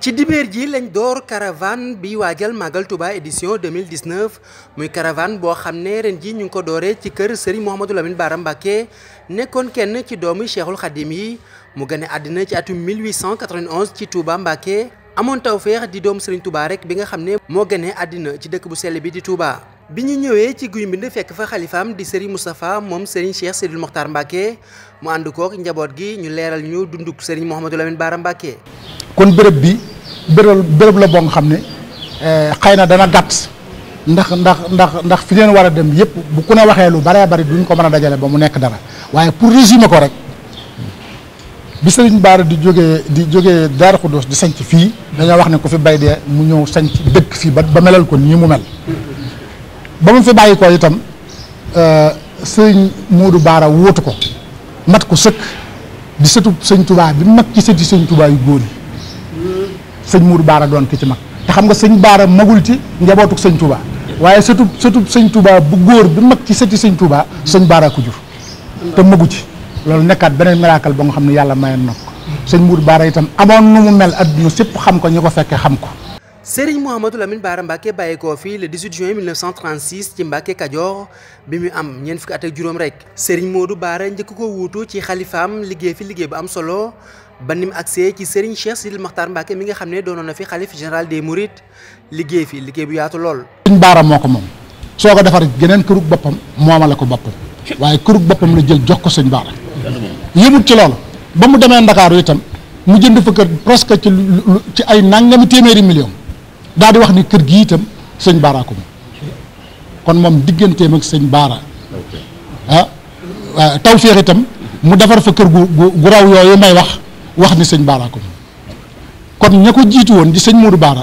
ci dibeer ji lañ door caravane bi waajal Magal Touba édition 2019 muy caravane boo xam ne ren ji ñu ngi ko dooree ci kër Serigne Mouhamadou Lamine Bara Mbacké nekkoon kenn ci doomu Cheikhul Khadim yi mu gane àddina ci atum 1891 ci Touba Mbacké amoon tawféex di doom Serigne Touba rek bi nga xam ne moo gane àddina ci dëkk bu sell bi di Touba. bi ñu ñëwee ci guy mbind fekk fa xalifaam di Serigne Moustapha moom Serigne Cheikh Sidil Mokhtar Mbacké mu ànd kook njaboot gi ñu leeral ñu dunduk Serigne Mouhamadou Lamine Bara Mbacké kon bërëb bi. bërëb bërëb la boo nga xam ne eh, xëy na dana gàtt ndax ndax ndax ndax fi leen war a dem yëpp bu ku ne waxee lu baree bari duñ ko mën a dajale ba mu nekk dara waaye pour résumer ko rek bi Sëriñ Baara di jóge di jógee Daaru Xuddoos di sanc fii dañoo wax ne ku fi bay de mu ñëw sanc dëkk fii ba ba melal ko nii mu mel ba mu fi bàyyi ko itam eh, Sëriñ Moodu Baara wóotu ko mat ko sëkk di sëtu Sëñ Tubaa bi mag ci sëti Sëñ Tubaa yu góor yi sëñ Mourou Baara doon ki ci mag te xam nga sëñ Baara magul ci njabootuk sëñ Touba waaye sëtu sëtu sëñ Touba bu góor bi mag ci sëti sëñ Touba sëñ Baara ko te magu ci loolu nekkaat beneen miracle ba nga xam ne yàlla mayoon na sëñ Mourou Baara itam amoon nu mu mel adduna sépp xam ko ñi ko fekkee xam ko Serigne Mouhamadou Lamine Bara Mbacke bàyyeekoo fii le 18 juin 1936 ci Mbacke Kajoor bi mu am ñeent fukki at ak juróom rek moo du Bara njëkk ko wuutu ci xalifaam liggéey fi liggéey bu am solo ba ni mu agsee ci Serigne Cheikh Sidil Makhtar Mbacke mi nga xam ne doonoon na fi xalif général des Mourides liggéey fi liggéey bu yaatu lool. Serigne Bara moo ko moom soo ko defar geneen kërug boppam moom la ko boppam waaye kërug boppam la jël jox ko Serigne Bara. yëmut ci loolu ba mu demee Ndakaaru itam mu jënd fa kër presque ci ci ay nangami téeméeri daal di wax ni kër gi itam sëñ Baara kon moom digganteem ak sëñ Baara ah euh, taw féex itam mu defar fa kër gu gu raw yooyu may wax wax ni sëñ Baara kon ña ko jiitu woon di sëñ Modou Baara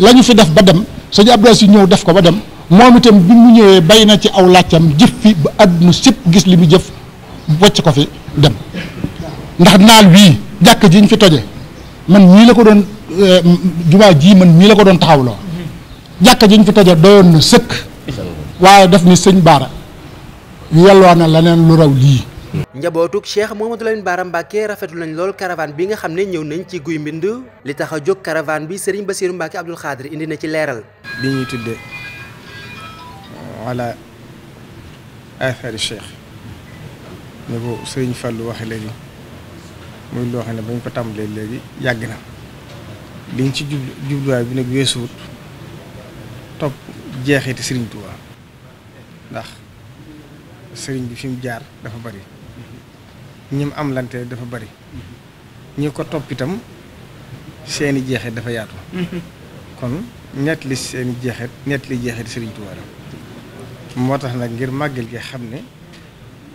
lañu fi def ba dem sëñ Abdou si ñëw def ko ba dem moom itam bi mu ñëwee bay na ci aw laajtam jëf fi ba àdduna gis li mu jëf wacc ko fi dem ndax naal wii jàkk ji fi toje man ñii la ko doon. Euh, jumaa ji man mii la ko doon taxawloo jàkka ji ñu fi taje doyoon na sëkk waaye daf ni sëñ baara yelloo na leneen lu raw lii njabootuk cheikh Mouhamadou Lamine Bara Mbacke rafetlu nañ lool caravane bi nga xam ne ñëw nañ ci guy mbind li tax a jóg caravane bi sëriñ Bassirou Mbacke Abdoul Khadir indi na ci leeral bi ñuy tudde wala affaire cheikh ne ko sëriñ Fallou waxe léegi muy loo xam ne ba ñu ko tàmbalee léegi yàgg na liñ ci jub jubluwaay bi nag weesuwut topp jeexiti sëriñ Touba ndax sëriñ bi fi jaar dafa bari ñim am lante dafa bari ñi ko topp itam seeni jeexee dafa yaatu kon ñett seeni jeexit ñett li jeexit sëriñ Touba moo tax nag ngir màggal gi xam ne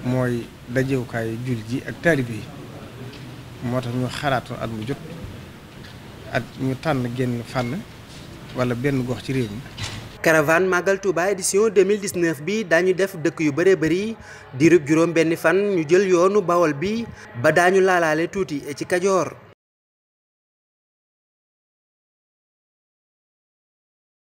mooy dajewukaay jul ji ak taalibe yi moo tax ñu xalaatoon at mu jot at ñu tànn génn fànn wala benn gox ci réew mi. caravane Magal Touba édition 2019 bi daañu def dëkk yu bëree bëri diirub juróom benn fan ñu jël yoonu bawol bi ba daañu laalaale tuuti ci Kajoor.